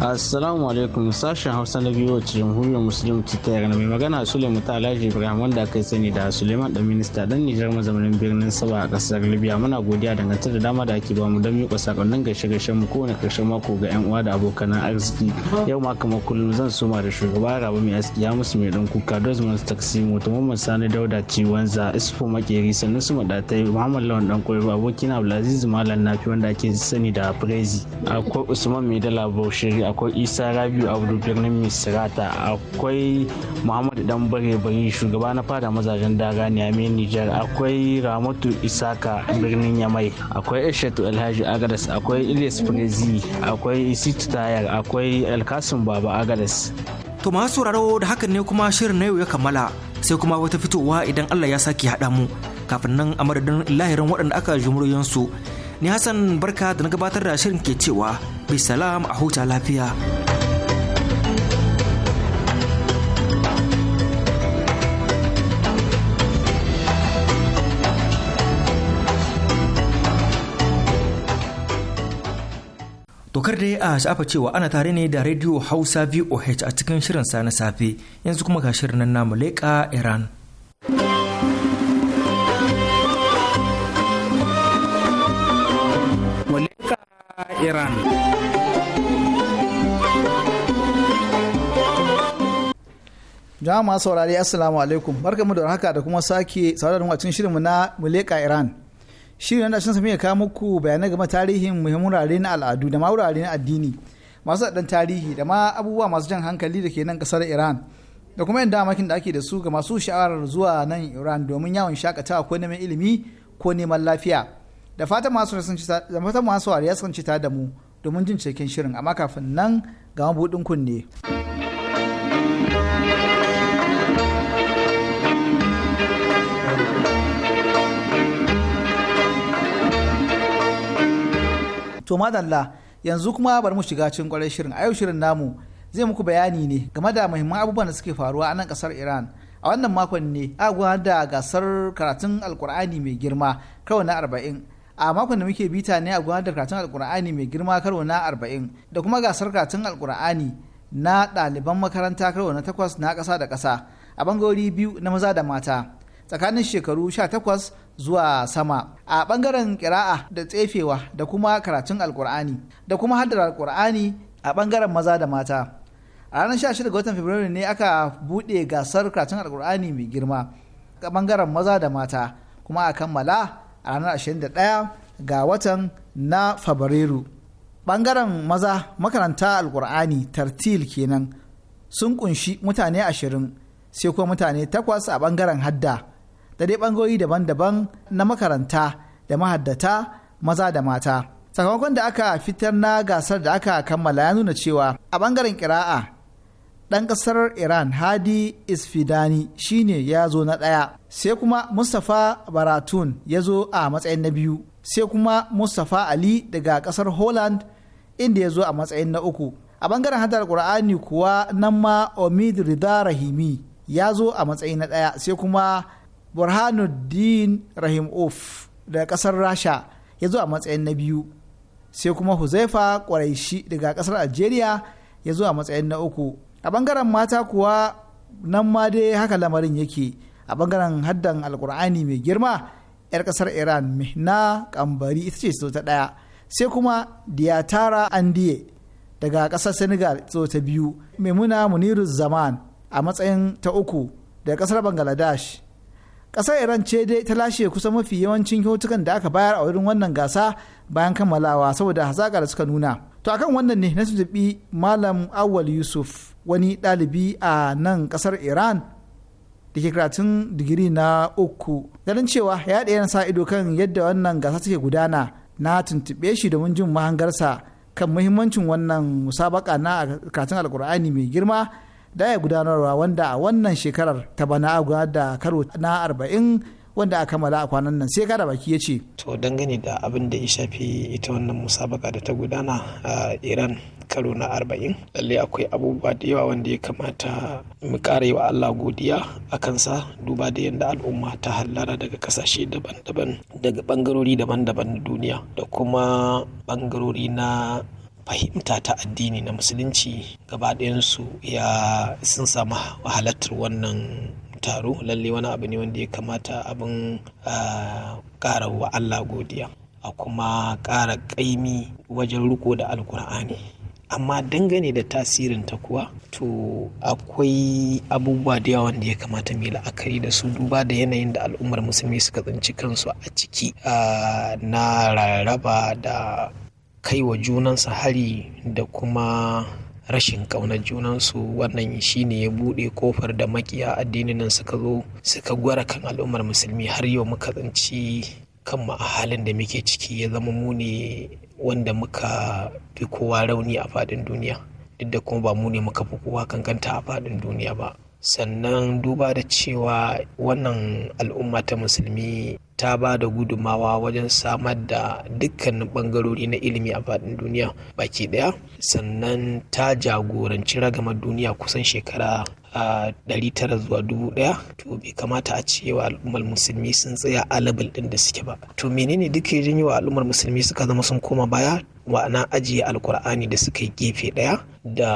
Assalamu alaikum sashen Hausa na biyu wacce jamhuriyar Musulunci ta yarda mai magana Suleiman ta Alhaji Ibrahim wanda aka sani da Suleiman dan minista dan Nijar mazaunin birnin Saba a kasar Libya muna godiya dangantar da dama da ake ba mu don miƙa sakonnin gaishe gaishe mu kowane karshen mako ga yan uwa da abokan arziki yau ma kamar kullum zan soma da shugaba rabu mai aski ya musu mai dan kuka Dozman Taxi Moto Muhammad Sani Dauda Ciwanza Isfo Makeri sannan su madatai Muhammad Lawan dan Koyo abokin Abdulaziz Malam Nafi wanda ake sani da Prezi akwai usman maidala baushiri akwai isa rabiu abdu birnin misrata akwai muhammadu dan bare bari shugaba na fada mazajen daga niamey nijar akwai ramatu isaka birnin yamai akwai ishatu alhaji agadas akwai ilyas prezi akwai isitu tayar akwai alkasun baba agadas to masu sauraro da hakan ne kuma shirin na yau ya kammala sai kuma wata fitowa idan allah ya sake haɗa mu kafin nan a madadin lahirin waɗanda aka jumuriyansu su ni hassan barka da na gabatar da shirin ke cewa salam a huta lafiya Dokar da ya a shafa cewa ana tare ne da rediyo Hausa VOH a cikin shirin sa na safe yanzu kuma ga shirin nan namu leƙa Iran. iran jama'a masu saurari assalamu alaikum barkamu da haka da kuma sake sauraron a cikin shirinmu na muleka iran shirin da shin ya kawo muku bayanai game tarihin muhimmin wurare na al'adu da ma na addini masu haɗin tarihi da ma abubuwa masu jan hankali da ke nan kasar iran da kuma yin damakin da ake da su ga masu sha'awar zuwa nan iran domin yawon shakatawa ko neman ilimi ko neman lafiya da fatan masu wariya sun cita da mu domin jin cikin shirin amma kafin nan ga mabudin kunne. To madalla yanzu kuma bari mu shiga cikin kwarai shirin a yau shirin namu zai muku bayani ne game da muhimman abubuwan da suke faruwa a nan kasar Iran. A wannan makon ne a da gasar karatun Alkur'ani mai girma kawai na arba'in a makon da muke bita ne a gudanar da karatun alkur'ani mai girma karo na arba'in da kuma gasar karatun alkur'ani na ɗaliban makaranta karo na takwas na ƙasa da ƙasa a bangarori biyu na maza da mata tsakanin shekaru sha takwas zuwa sama a ɓangaren ƙira'a da tsefewa da kuma karatun alkur'ani da kuma haddar alkur'ani a ɓangaren maza da mata a ranar 16 ga watan fabrairu ne aka buɗe gasar karatun alkur'ani mai girma a ɓangaren maza da mata kuma a kammala a ranar 21 ga watan na fabrairu ɓangaren maza makaranta alkur'ani tartil kenan sun kunshi mutane ashirin sai kuma mutane takwas a ɓangaren hadda da dai bangoyi daban-daban na makaranta da mahaddata maza da mata sakamakon da aka fitar na gasar da aka kammala ya nuna cewa a ɓangaren kira'a ɗan ƙasar iran hadi isfidani shine ya zo na ɗaya sai kuma mustapha baratun ya zo a matsayin na biyu sai kuma mustapha ali daga ƙasar holland inda ya zo a matsayin na uku a ɓangaren hadar ƙur'ani kuwa nan ma omid rida rahimi ya zo a matsayin na ɗaya sai kuma burhanuddin rahim of daga ƙasar rasha ya zo a matsayin na biyu sai kuma huzaifa ƙwaraishi daga ƙasar algeria ya zo a matsayin na uku a bangaren mata kuwa nan ma dai haka lamarin yake a bangaren haddan alkur'ani mai girma 'yar kasar iran mihna kambari ita ce ta ɗaya sai kuma diatara andiye daga kasar senegal so ta biyu maimuna muniru zaman a matsayin ta uku daga kasar bangladesh kasar iran ce dai ta lashe kusa mafi yawancin kyautukan da aka bayar a wurin wannan gasa bayan kammalawa saboda hazaƙa da suka nuna to akan wannan ne na malam awal yusuf wani ɗalibi a nan ƙasar iran da ke karatun digiri na uku ganin cewa ya ɗaya sa ido kan yadda wannan gasa take gudana na tuntuɓe shi domin jin mahangarsa kan muhimmancin wannan musabaka na karatun alkur'ani mai girma da ya gudanarwa wanda a wannan shekarar ta bana a da karo na arba'in wanda aka mala a kwanan nan sai kada baki ya ce. To dangane da abin da ya shafi ita wannan musabaka da ta gudana a Iran karo na arba'in lallai akwai abubuwa da yawa wanda ya kamata mu ƙara wa Allah godiya a kansa duba da yadda al'umma ta hallara daga kasashe daban-daban daga bangarori daban-daban na duniya da kuma bangarori na fahimta ta addini na musulunci gaba ɗayansu ya sun samu halartar wannan taro lalle wani abu ne wanda ya kamata abin ƙara wa Allah godiya a kuma ƙara ƙaimi wajen riko da alkur'ani amma dangane da tasirin ta kuwa to akwai abubuwa da yawa wanda ya kamata mai la'akari da su duba da yanayin da al'ummar musulmi suka tsinci kansu a ciki na rarraba da kai wa junansa hari da kuma rashin ƙaunar junansu wannan shi ne ya buɗe kofar da maƙiya addinin nan suka zo suka gwara kan al'ummar musulmi har yau muka tsinci kanmu a halin da muke ciki ya zama mu ne wanda muka fi kowa rauni a faɗin duniya duk da kuma ba mu ne muka fi kowa kankanta a faɗin duniya ba sannan duba da cewa wannan al'umma ta musulmi ta ba da gudumawa wajen samar da dukkanin bangarori na ilimi a faɗin duniya baki daya sannan ta jagoranci ragamar duniya kusan shekara a tara zuwa dubu 1000 to bai kamata a ce wa al'ummar musulmi sun tsaya a label din da suke ba to menene duk ya janyo wa al'ummar musulmi suka zama sun koma baya wa'ana ajiye alkur'ani da suka yi gefe ɗaya da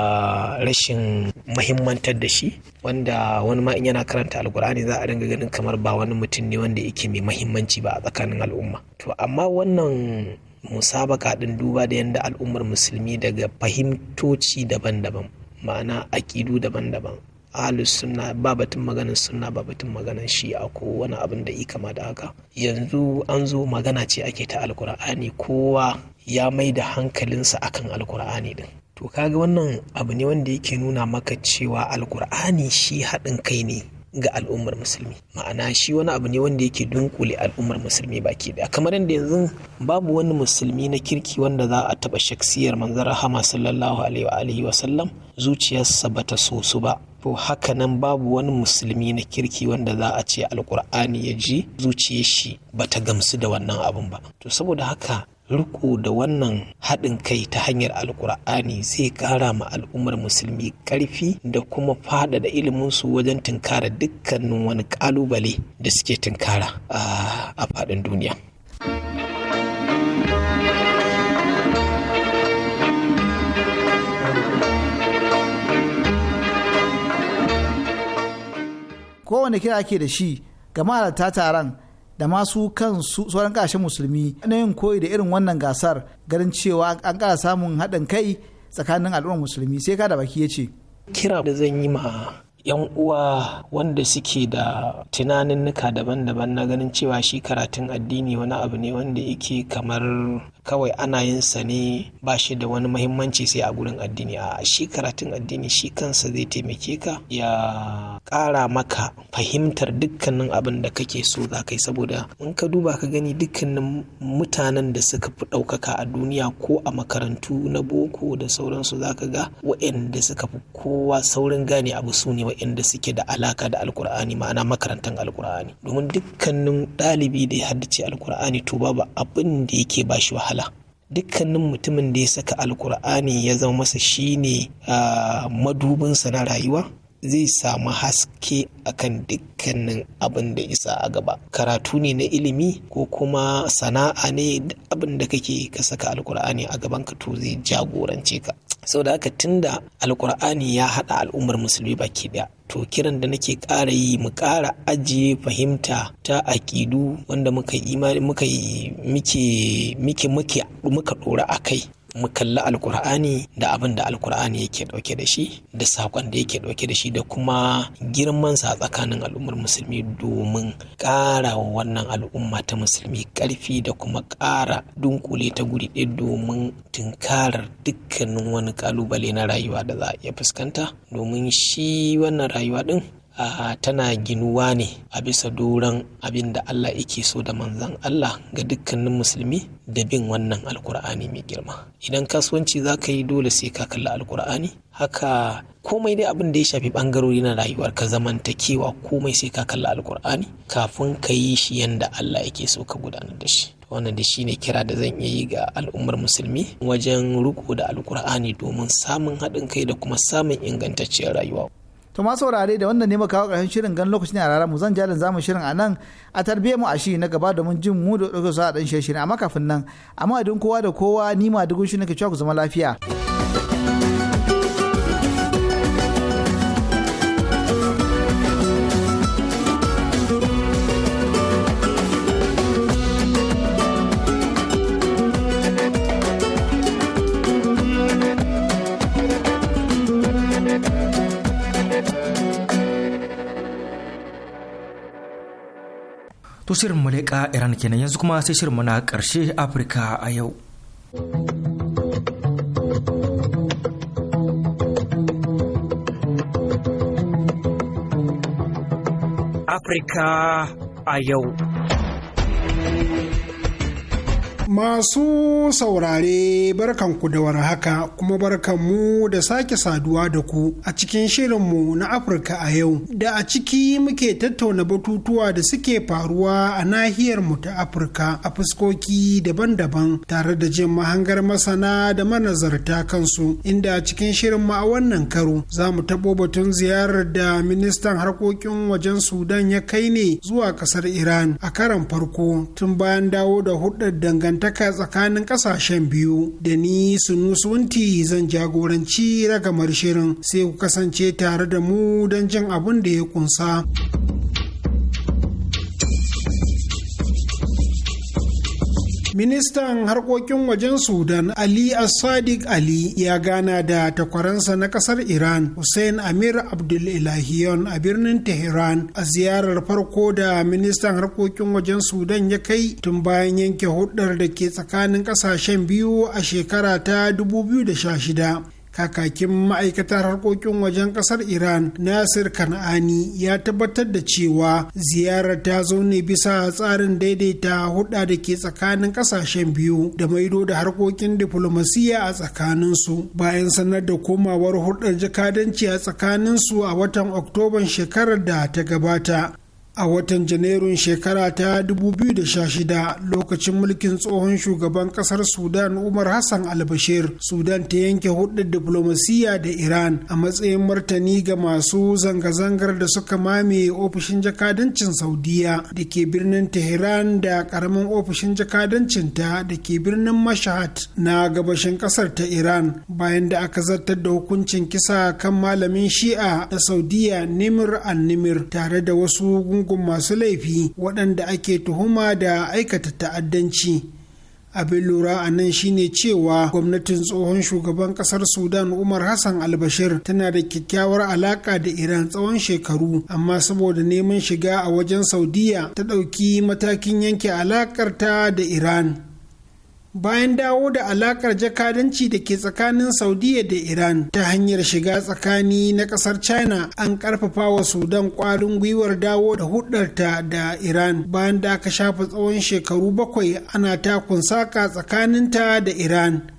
rashin mahimmantar da shi wanda wani ma in yana karanta alkur'ani za a dinga ganin kamar ba wani mutum ne wanda yake mai mahimmanci ba a tsakanin al'umma to amma wannan musabaka din duba da yadda al'ummar musulmi daga fahimtoci daban-daban ma'ana aƙidu daban-daban ahalus sunna ba batun maganin sunna ba batun maganin shi'a ko wani abin da kama da haka yanzu an zo magana ce ake ta alkur'ani kowa ya mai da hankalinsa akan alkur'ani din to kaga wannan abu ne wanda yake nuna maka cewa alkur'ani shi haɗin kai ne ga al'ummar musulmi ma'ana shi wani abu ne wanda yake dunkule al'ummar musulmi baki daya kamar yadda yanzu babu wani musulmi na kirki wanda za a taba shaksiyar manzara hama sallallahu alaihi wa sallam zuciyarsa bata so su ba to haka nan babu wani musulmi na kirki wanda za a ce alkur'ani ya ji zuciyar shi ta gamsu da wannan abun ba to saboda haka riko da wannan haɗin kai ta hanyar alkur'ani zai ƙara ma al'ummar musulmi ƙarfi da kuma faɗaɗa iliminsu wajen tunkara dukkanin wani ƙalubale da suke tunkara ah, a faɗin duniya kowane kira ke da shi ga ma'alata taron da masu kansu sauran kashe musulmi na yin koyi da irin wannan gasar ganin cewa an kara samun haɗin kai tsakanin al'ummar musulmi sai ka da baki ya ce kira da zan yi ma yan uwa wanda suke da tunaninnika daban-daban na ganin cewa shi karatun addini wani abu ne wanda yake kamar kawai ana yin sa ne ba shi da wani mahimmanci sai a gurin addini a shi karatun addini shi kansa zai taimake ka ya ƙara maka fahimtar dukkanin abin da kake so za ka yi saboda in ka duba ka gani dukkanin mutanen da suka fi ɗaukaka a duniya ko a makarantu na boko da sauransu za ka ga waɗanda suka fi kowa saurin gane abu su ne waɗanda suke da alaka da alkur'ani ma'ana makarantar alkur'ani domin dukkanin ɗalibi da ya haddace alkur'ani to babu abin da yake ba shi wahala dukkanin mutumin da ya saka alkur'ani ya zama masa shine madubinsa na rayuwa zai samu haske akan dukkanin abin da isa a gaba karatu ne na ilimi ko kuma sana'a ne abin da kake ka saka alkur'ani a gaban ka to zai jagorance ka sau da haka tunda alkur'ani ya haɗa al'ummar musulmi baki daya to kiran da nake ƙara yi mu ƙara ajiye fahimta ta akidu, wanda muka yi muke muka ɗora a kai mu kalli alkur'ani da abin da alkur'ani yake dauke da shi da sakon da yake dauke da shi da kuma girman sa tsakanin al'ummar musulmi domin ƙara wa wannan al'umma ta musulmi karfi da kuma ƙara dunkule ta guri ɗaya domin tunkarar dukkanin wani ƙalubale na rayuwa da za a iya fuskanta domin shi wannan rayuwa ɗin tana ginuwa ne a bisa doron abin da Allah yake so da manzan Allah ga dukkanin musulmi da bin wannan alkur'ani mai girma idan kasuwanci za ka yi dole sai ka kalla alkur'ani haka komai dai abin da ya shafi bangarori na rayuwar ka zamantakewa komai sai ka kalla alkur'ani kafin ka yi shi yanda Allah yake so ka gudanar da shi wannan da shine kira da zan iya yi ga al'ummar musulmi wajen riko da alkur'ani domin samun haɗin kai da kuma samun ingantacciyar rayuwa to ma saurare da wannan ne mu kawo ƙarshen shirin gan lokaci ne a mu zan dan zamu shirin a nan a tarbiye mu a shi na gaba domin jin mu da ɗauke su a ɗan shirin amma kafin nan amma idan kowa da kowa ni ma dugun shi nake cewa ku zama lafiya. to shirin ka iran kenan yanzu kuma sai shirin na karshe afirka a yau afirka a yau Masu saurare barkanku da haka kuma barkanmu da sake saduwa da ku a cikin shirinmu na Afirka a yau da a ciki muke tattauna batutuwa da suke faruwa a nahiyar mu ta Afirka a fuskoki daban-daban tare da jin mahangar masana da manazarta kansu inda a cikin shirinmu a wannan karo za mu tabo batun ziyarar da ministan harkokin wajen Sudan ya kai ne zuwa kasar Iran a karan farko tun bayan dawo da hudar dangantaka dangantaka tsakanin ƙasashen biyu da ni sunusunti zan jagoranci ragamar shirin sai ku kasance tare da mu don jin abin da ya kunsa. Ministan harkokin wajen Sudan Ali as Ali ya gana da takwaransa na kasar Iran Hussein Amir Abdul Ilahiyon a birnin Tehran a ziyarar farko da ministan harkokin wajen Sudan ya kai tun bayan yanke hudar da ke tsakanin kasashen biyu a shekara ta 2016. kakakin ma'aikatar harkokin wajen kasar iran nasir kan'ani ya tabbatar da cewa ziyarar ta zo ne bisa tsarin daidaita hudda da ke tsakanin kasashen biyu da maido da harkokin diflomasiya a tsakaninsu bayan sanar da komawar hulɗar jakadanci a tsakanin su a watan oktoban shekarar da ta gabata a watan janairun shekara ta 2016 lokacin mulkin tsohon shugaban kasar sudan umar hassan albashir sudan ta yanke hudar diflomasiyya da iran a matsayin martani ga masu zanga-zangar da suka mamaye ofishin jakadancin saudiya da ke birnin tehran da karamin ofishin jakadancin ta da ke birnin mashahad na gabashin kasar ta iran bayan da aka zartar da hukuncin kisa kan malamin shi'a da saudiya nimir al-nimir tare da wasu gungun masu laifi waɗanda ake tuhuma da aikata ta'addanci abin lura a nan shine cewa gwamnatin tsohon shugaban ƙasar sudan umar hassan albashir tana da kyakkyawar alaƙa da iran tsawon shekaru amma saboda neman shiga a wajen saudiya ta ɗauki matakin yanke alakar ta da iran bayan dawo da alakar jakadanci da ke tsakanin saudiya da iran ta hanyar shiga tsakani na kasar china an karfafa wa sudan kwarin gwiwar dawo da hudarta da iran bayan da aka shafa tsawon shekaru bakwai ana takun saka tsakaninta da iran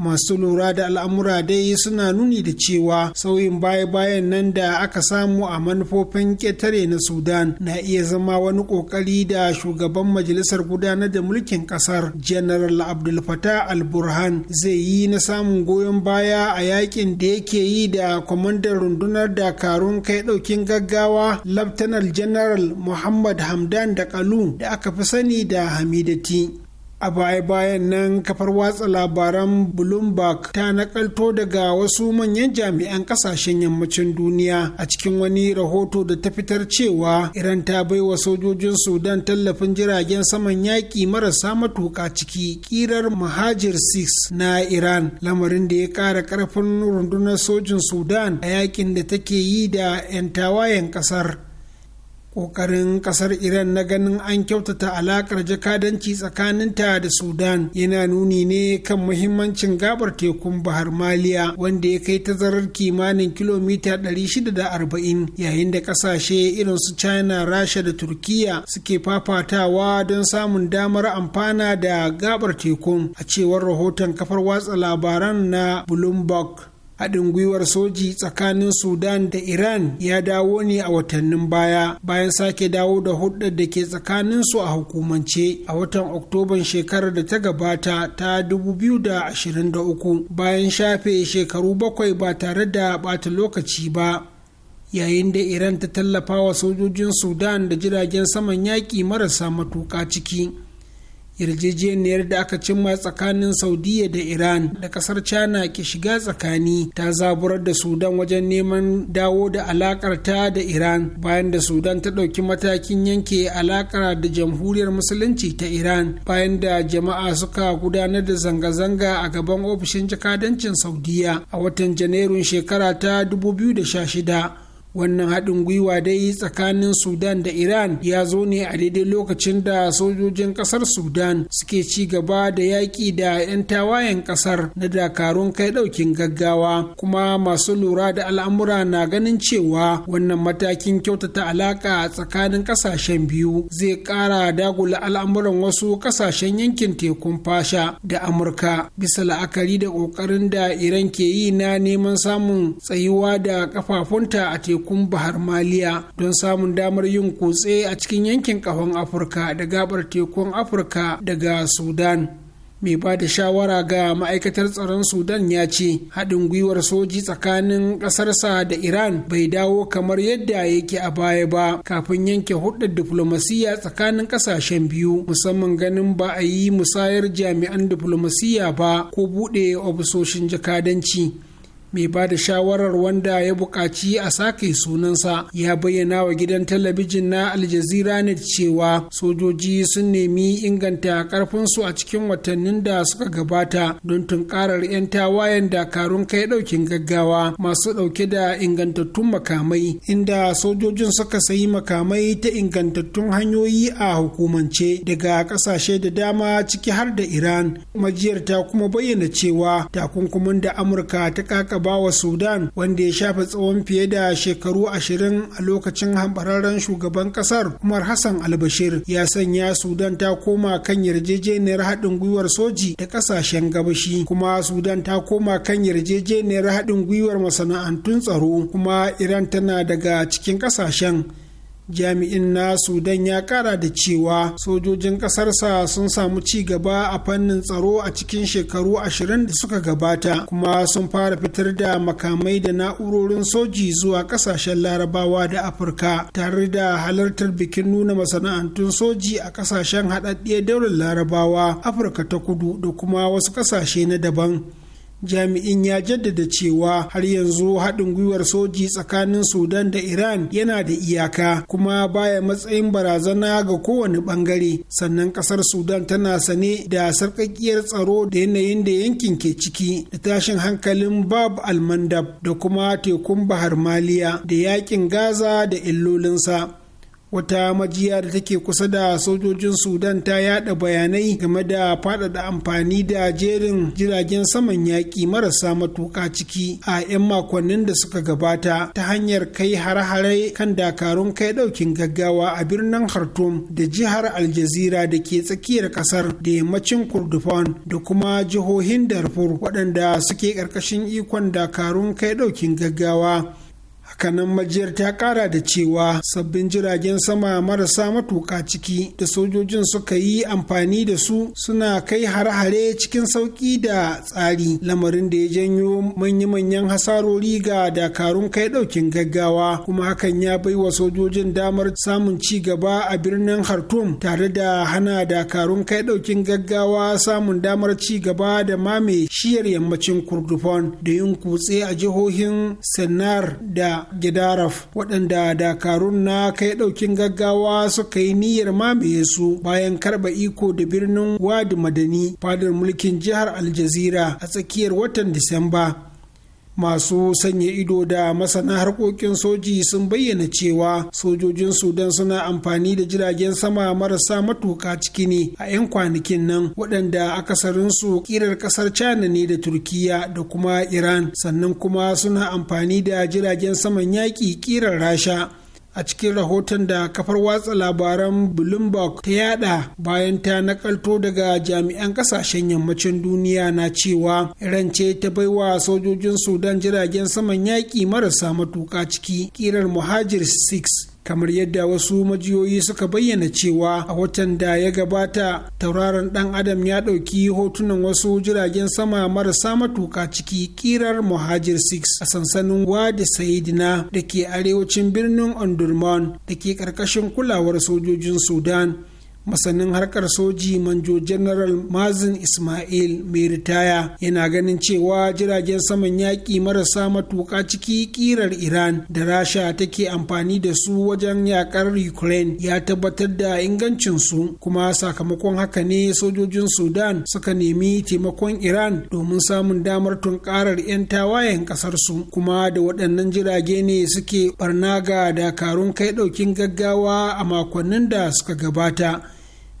masu lura da al'amura dai suna nuni da cewa sauyin baya-bayan nan da aka samu a manufofin ƙetare na sudan na iya zama wani ƙoƙari da shugaban majalisar gudanar da mulkin ƙasar general abdul fatah al-burhan zai yi na samun goyon baya a yakin da yake yi da kwamandan rundunar dakarun kai ɗaukin gaggawa laftanar general muhammad hamdan da kalu da aka fi sani da hamidati a baya-bayan nan kafar watsa labaran bloomberg ta nakalto daga wasu manyan jami'an kasashen yammacin duniya a cikin wani rahoto da ta fitar cewa iran ta baiwa sojojin sudan tallafin jiragen saman yaƙi marasa matuƙa ciki ƙirar mahajir 6 na iran lamarin da ya ƙara ƙarfin rundunar sojin sudan a yaƙin da take yi da 'yan tawayen ƙasar Ƙoƙarin ƙasar Iran na ganin an kyautata alaƙar jakadanci tsakaninta da Sudan yana nuni ne kan muhimmancin gabar tekun Bahar Maliya wanda ya kai ta zarar kimanin kilomita 640 yayin da ƙasashe irin su China, Rasha da Turkiya suke fafatawa don samun damar amfana da gabar tekun a cewar rahoton kafar watsa labaran na Bloomberg. haɗin gwiwar soji tsakanin sudan da iran ya dawo ne a watannin baya bayan sake dawo da hulɗar da ke tsakanin su a hukumance a watan oktoban shekarar da ta gabata ta 2023 bayan shafe shekaru bakwai ba tare da bata lokaci ba yayin da iran ta tallafa wa sojojin sudan da jiragen saman yaƙi marasa matuƙa ciki yarjejeniyar da aka cimma tsakanin saudiya da iran da kasar china ke shiga tsakani ta zaburar da sudan wajen neman dawo da alakar ta da iran bayan da sudan ta ɗauki matakin yanke alakar da jamhuriyar musulunci ta iran bayan da jama'a suka gudanar da zanga-zanga a gaban ofishin jakadancin saudiya a watan janairun shekara ta 2016 wannan haɗin gwiwa dai tsakanin sudan da iran ya zo ne a daidai lokacin da sojojin ƙasar sudan suke ci gaba da yaƙi da 'yan tawayen ƙasar na dakarun kai ɗaukin gaggawa kuma masu lura da al'amura na ganin cewa wannan matakin kyautata alaƙa tsakanin ƙasashen biyu zai ƙara dagula al'amuran wasu ƙasashen yankin tekun fasha da amurka bisa la'akari da ƙoƙarin da iran ke yi na neman samun tsayuwa da ƙafafunta a tekun bahar maliya don samun damar yin kutse a cikin yankin kahon afirka da gabar tekun afirka daga sudan mai ba da shawara ga ma'aikatar tsaron sudan ya ce haɗin gwiwar soji tsakanin ƙasarsa da iran bai dawo kamar yadda yake a baya ba kafin yanke hudar diflomasiyya tsakanin ƙasashen biyu musamman ganin ba a yi musayar jami'an diflomasiyya ba ko buɗe ofisoshin jakadanci mai ba da shawarar wanda ya buƙaci a sake sunansa ya bayyana wa gidan talabijin na aljazira ne cewa sojoji sun nemi inganta ƙarfinsu a cikin watannin da suka gabata don tunkarar 'yan tawayen dakarun kai ɗaukin gaggawa masu ɗauke da ingantattun makamai inda sojojin suka sayi makamai ta ingantattun hanyoyi a hukumance daga ƙasashe da dama ciki har da iran majiyar ta kuma bayyana cewa takunkumin da amurka ta kaka ba wa sudan wanda ya shafe tsawon fiye da shekaru ashirin a lokacin hambararren shugaban kasar umar hassan albashir ya sanya sudan ta koma kan yarjejeniyar haɗin gwiwar soji da ƙasashen gabashi kuma sudan ta koma kan yarjejeniyar haɗin gwiwar masana'antun tsaro kuma iran tana daga cikin ƙasashen jami'in na sudan ya kara da cewa sojojin ƙasarsa sun samu ci gaba a fannin tsaro a cikin shekaru ashirin da suka gabata kuma sun fara fitar da makamai da na'urorin soji zuwa ƙasashen larabawa da afirka tare da halartar bikin nuna masana'antun soji a ƙasashen haɗaɗɗiyar daular larabawa afirka ta kudu da kuma wasu ƙasashe na daban jami'in ya jaddada cewa har yanzu haɗin gwiwar soji tsakanin sudan da iran yana da iyaka kuma baya matsayin barazana ga kowane ɓangare sannan ƙasar sudan tana sane da sarƙaƙiyar tsaro da yanayin da yankin ke ciki da tashin hankalin bab almandab da kuma tekun bahar maliya da yakin gaza da illolinsa wata majiya da take kusa da sojojin sudan ta yada bayanai game da faɗaɗa amfani da jerin jiragen saman yaƙi marasa matuƙa ciki a 'yan makonnin da suka gabata ta hanyar kai hare-hare kan dakarun kai daukin gaggawa a birnin khartoum da jihar aljazira da ke tsakiyar ƙasar da yammacin kurdufan da kuma jihohin darfur waɗanda suke ƙarƙashin ikon dakarun kai ɗaukin gaggawa hakanan majiyar ta kara da cewa sabbin jiragen sama marasa matuka ciki da sojojin suka yi amfani da su suna kai har-hare cikin sauki da tsari lamarin da ya janyo manya-manyan hasarori ga dakarun kai daukin gaggawa kuma hakan ya bai wa sojojin damar samun ci gaba a birnin khartoum tare da hana dakarun kai daukin gaggawa samun damar ci gaba da mame shiyar yammacin kurdufon da yin kutse a jihohin sennar da Gidaraf waɗanda dakarun na kai ɗaukin gaggawa suka yi niyyar mamaye su bayan karɓa iko da birnin Wadi Madani fadar mulkin jihar Aljazira a tsakiyar watan Disamba. masu sanya ido da masana harkokin soji sun bayyana cewa sojojin sudan suna amfani da jiragen sama marasa matuka ciki ne a 'yan kwanakin nan waɗanda akasarinsu kirar ƙasar china ne da turkiya da kuma iran sannan kuma suna amfani da jiragen saman yaƙi kirar rasha a cikin rahoton da kafar watsa labaran bloomberg ta yada bayan ta nakalto daga jami'an kasashen yammacin duniya na cewa iran ce ta baiwa sojojin sudan jiragen saman yaƙi marasa matuka ciki kirar muhajir 6 kamar yadda wasu majiyoyi suka bayyana cewa a watan da ya gabata tauraron dan adam ya ɗauki hotunan wasu jiragen sama marasa matuka ciki kirar muhajir 6 a sansanin wadi saidina da ke arewacin birnin ondurman da ke ƙarƙashin kulawar sojojin sudan masanin harkar soji manjo general mazin ismail mai ritaya yana ganin cewa jiragen saman yaƙi marasa matuƙa ciki ƙirar iran da rasha take amfani da su wajen yaƙar ukraine ya tabbatar da ingancinsu kuma sakamakon haka ne sojojin sudan suka nemi taimakon iran domin samun damar tunkarar 'yan tawayen ƙasarsu kuma da waɗannan jirage ne suke barna ga dakarun kai ɗaukin gaggawa a makonnin da suka gabata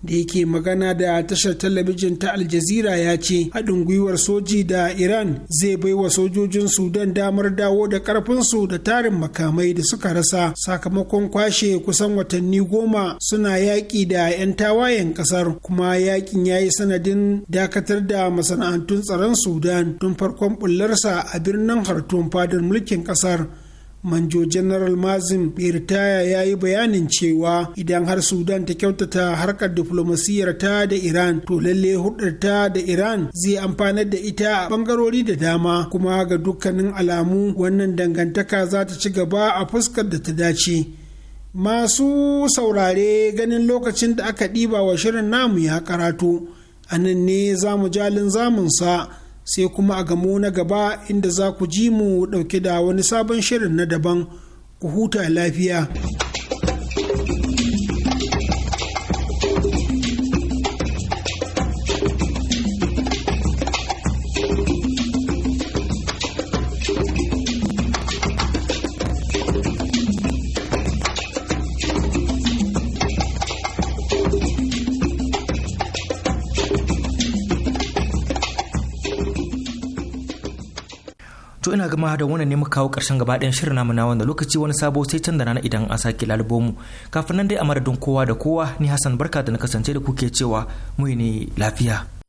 da yake magana da tashar talabijin ta aljazira ya ce haɗin gwiwar soji da iran zai bai wa sojojin sudan damar dawo da ƙarfinsu da tarin makamai da suka rasa sakamakon kwashe kusan watanni goma suna yaƙi da 'yan tawayen ƙasar kuma yaƙin ya yi sanadin dakatar da masana'antun tsaron sudan tun farkon ɓullarsa a birnin hartun fadar mulkin ƙasar manjo general mazin birtaya ya yi bayanin cewa idan har sudan ta kyautata harkar diflomasiyyar ta da iran to lalle hudar ta da iran zai amfanar da ita a bangarori da dama kuma ga dukkanin alamu wannan dangantaka za ta ci gaba a fuskar da ta dace masu saurare ganin lokacin da aka ɗiba wa shirin namu ya karatu a nan ne zamu jalin zamunsa sai kuma a gamo na gaba inda za ku ji mu ɗauke da wani sabon shirin na daban ku huta lafiya. gama da wannan ne muka kawo karshen gaba ɗayan shirin namu na wanda lokaci wani sabo sai can da rana idan an sake lalubo kafin nan dai a madadin kowa da kowa ni Hassan barka da na kasance da kuke cewa mu ne lafiya.